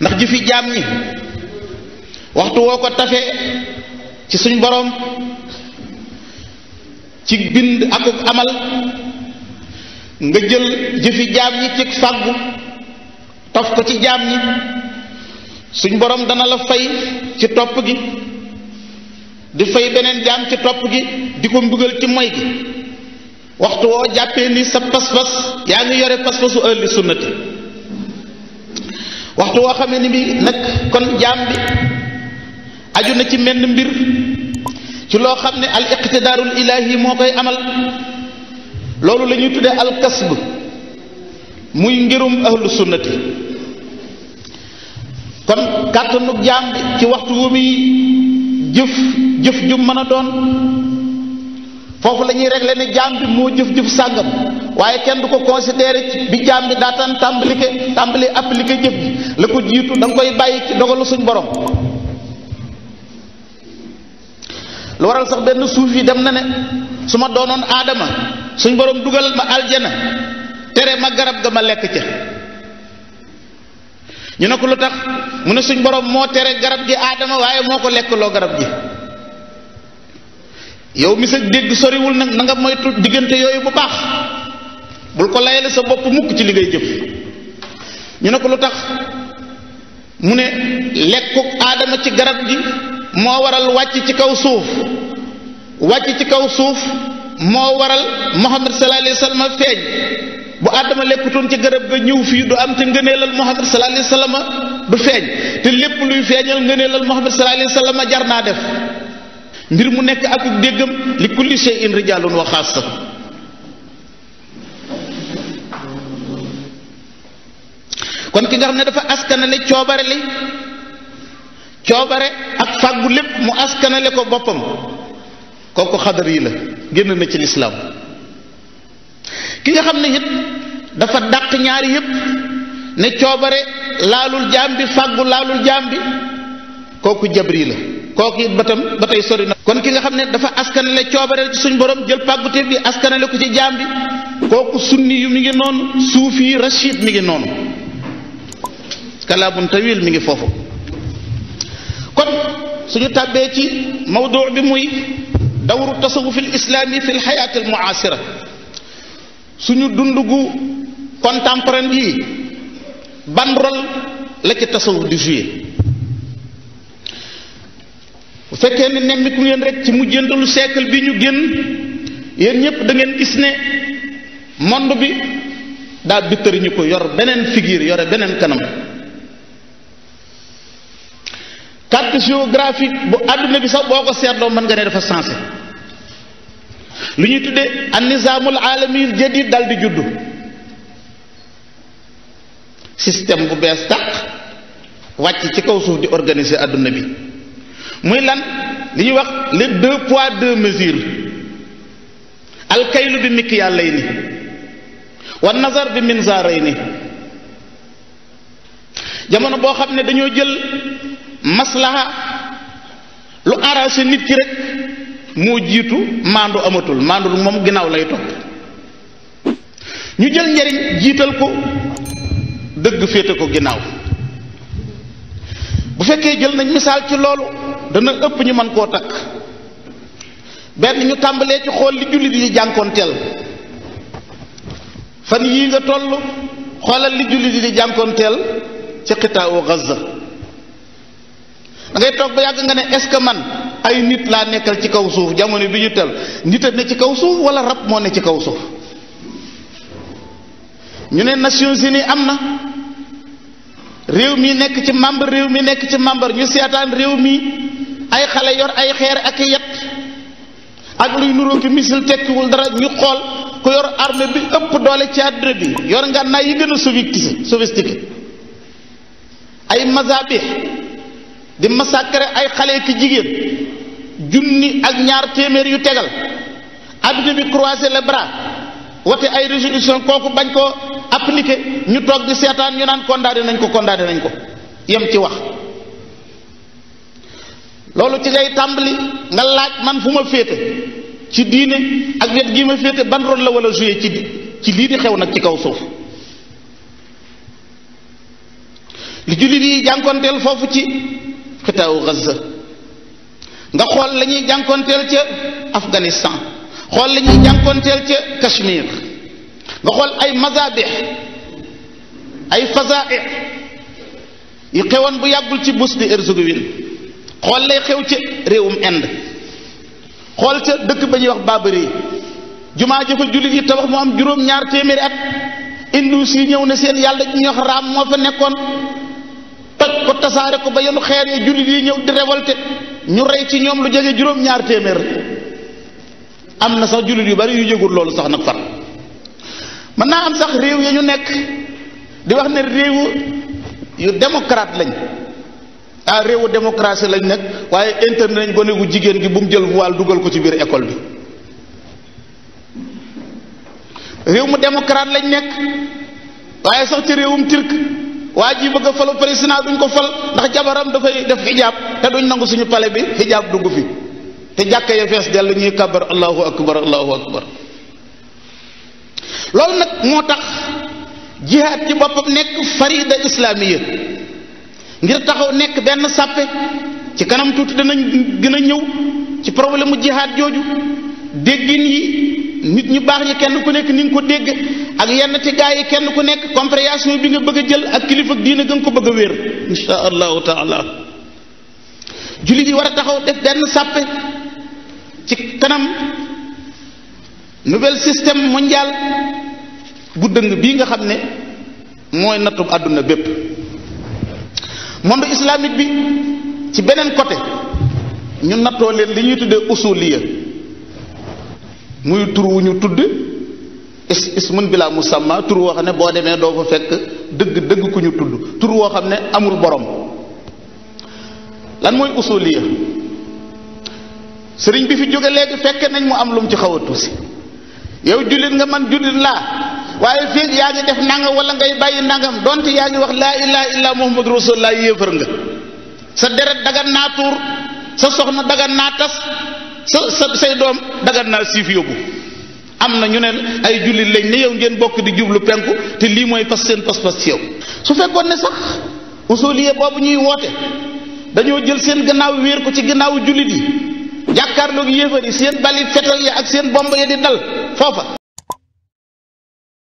ndax jëfi jaam ñi waxtu woo ko tafee ci suñ boroom ci bind akuk amal nga jël jëfi jaam ñi ci fàggu taf ko ci jaam ñi suñ boroom dana la fay ci topp gi di fay beneen jaam ci topp gi di ko mbugal ci moy gi waxtu woo jàppee ni sa pas-pas yaa ngi yore pas-pasu ahlu sunnati waxtu woo xamee ni bi nag kon jaam bi aju na ci menn mbir ci loo xam ne al iqtidaarul ilaahi moo koy amal loolu la ñuy tuddee al kasb muy ngirum ahlu sunnati kon kàttanug jaam bi ci waxtu wu muy jëf jëf ju mën a doon foofu la ñuy ne jaam bi moo jëf jëf sàngam waaye kenn du ko considéré bi jaam bi daataan tàmbalike tàmbali appliqué jëf ji la ko jiitu da koy bàyyi ci dogalu suñ borom lu waral sax benn suuf yi dem na ne su doonoon aadama suñ borom dugal ma aljana tere ma garab ga ma lekk ca ñu ne ko lu tax mu ne suñ borom moo tere garab gi aadama waaye moo ko lekk loo garab gi yow mi sa dégg soriwul nag na nga moytu diggante yooyu bu baax bul ko layale sa bopp mukk ci li ngay jëf ñu ne ko lu tax mu ne lekku aadama ci garab gi moo waral wàcc ci kaw suuf wàcc ci kaw suuf moo waral muhammad sallallahu alayhi wa sallam feeñ bu aadama lekkutoon ci garab ga ñëw fii du am te ngëneelal muhammad sallallahu alayhi wa sallam du feeñ te lépp luy feeñal ngëneelal muhammad sallallahu alayhi wa sallam jar naa def mbir mu nekk ak déggam li kulli shay'in rijalun wa xaasa kon ki nga xam ne dafa askanale coobare li coobare ak fàggu lépp mu askanale ko boppam kooku xadar yi la génn na ki nga xam ne dafa dàq ñaari yépp ne coobare laalul jaam bi fàggu laalul jaam bi kooku jabri la kooku it ba sori na kon ki nga xam ne dafa askanale coobare ci suñ borom jël pàggute bi askanale ku ci jaam bi kooku sunni yu mi ngi noonu suufi rachid mi ngi noonu كلام طويل من فوفو كون سيني تابيتي موضوع بموي دور التصوف الاسلامي في الحياه المعاصره سيني دوندوغو كونتامبران بي بان رول لا تي تصوف دي جوي فكان نيميكو لين ريك تي مودياندلو سيكل بي نيو ген يين نيب دا نين غيس ني موندو بي دا بيتر نيكو يور بنين فيغير يور بنين كانام carte géographique bu àdduna bi sax boo ko seetloo mën nga ne dafa sensé lu ñuy tuddee an nizaamul aalami jadid dal di juddu système bu bees tàq wàcc ci kaw suuf di organiser àdduna bi muy lan li ñuy wax les deux poids deux mesures alkaylu bi mikk yàlla ni wa nazar bi minzaaray ni jamono boo xam ne dañoo jël maslaha lu arrangé nit ki rek moo jiitu maandu amatul maandu moom ginnaaw lay topp ñu jël njariñ jiital ko dëgg féete ko ginnaaw bu fekkee jël nañ misaal ci loolu dana ëpp ñu mën koo takk benn ñu tàmbalee ci xool li jullit yi jànkoonteel fan yii nga toll xoolal li jullit yi jànkoonteel ci xitaawu Gaza da toog ba yàgg nga ne est-ce que man ay nit laa nekkal ci kaw suuf jamono bi ñu tel nit a ne ci kaw suuf wala rab moo ne ci kaw suuf ñu ne Nations Unies am na réew mi nekk ci membre réew mi nekk ci membre ñu seetaan réew mi ay xale yor ay xeer ak yet ak luy nuroo ki misil tekkiwul dara ñu xool ku yor armée bi ëpp doole ci àddina bi yor ngànnaay yi gën a sophistiqué sophistiqué ay mazabih di massacrer ay xale ki jigéen junni ak ñaar téeméer yu tegal adduna bi croiser les bras wote ay résolution kooku bañ koo appliquer ñu toog di seetaan ñu naan condamné nañ ko condamné nañ ko yem ci wax loolu ci ngay tàmbali nga laaj man fu ma féete ci diine ak wet gi ma féete ban rôle la walla joué ci ci lii di xew nag ci kaw suuf li jullit yi jànkonteel foofu ci fitaawu Gaza nga xol lañuy jankontel ci Afghanistan xol lañuy jankontel ci Kashmir nga xol ay mazabih ay fazaa'i yi xewon bu yagul ci Bosnie Herzégovine xol lay xew ci rewum end xol ci dëkk ba wax Babari jumaa jëfa jullit yi tawax mo am juróom ñaar téeméeri at indus yi ñëw na seen yàlla ñuy wax raam moo fa nekkon toj ko tasaare ko ba yenu xeer ya jullit yi ñëw di révolté ñu rey ci ñoom lu jege juróom-ñaar téeméer am na sax jullit yu bari yu jégul loolu sax nag far mën naa am sax réew ya ñu nekk di wax ne réew yu démocrate lañ ah réewu lañ nekk waaye internet nañ gone jigéen gi bu mu jël voile dugal ko ci biir école bi réew mu démocrate lañ nekk waaye sax ci réewum turc waji bëgg a falu président duñ ko fal ndax jabaram fay def hijab te duñ nangu suñu pale bi hijab duggu fi te jàkka ya fess del ñuy kabar allahu akbar allahu akbar lol nak motax jihad jihaad ci boppam nek farida islamiyya ngir taxaw nek ben sappé ci kanam tuti dinañ gëna a ñëw ci problème jihad joju deggin yi nit ñi baax ñi kenn ku nekk ni nga ko dégg ak yenn ci gaa yi kenn ku nekk compréhension bi nga bëgg a jël ak kilifa diina gën ko bëgg a wér insha allahu taala jullit yi war a taxaw def benn sàppe ci kanam nouvel système mondial bu dëng bii nga xam ne mooy nattub àdduna bépp monde islamique bi ci beneen côté ñu nattoo leen li ñuy tuddee usuliya muy tur wuñu tudd is ismun bila musamma tur wo xamne bo deme do fa fek deug deug ku tudd tur wo xamne amul borom lan moy usuliya sëriñ bi fi joge léegi fek nañ mu am lum ci xawa tusi yow julit nga man julit la waye fi yaa def nangam wala ngay bayyi nangam donte wax la ilaha illa muhammadur rasulullah yefer nga sa deret dagan natur, sa soxna dagan natas. sa sa say doom dagat naa siif yóbbu am na ñu neen ay jullit lañ ne yow ngeen bokk di jublu penku te lii mooy pas seen pas-pas ci yow su fekkoon ne sax usuliye boobu ñuy woote dañoo jël seen gannaaw wéer ko ci gannaawu jullit yi jàkkaarloog yéefar yi seen bali fetal ya ak seen bomb ya di dal foofa